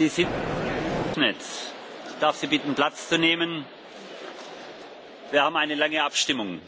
die sitzung ich darf sie bitten platz zu nehmen. wir haben eine lange abstimmung.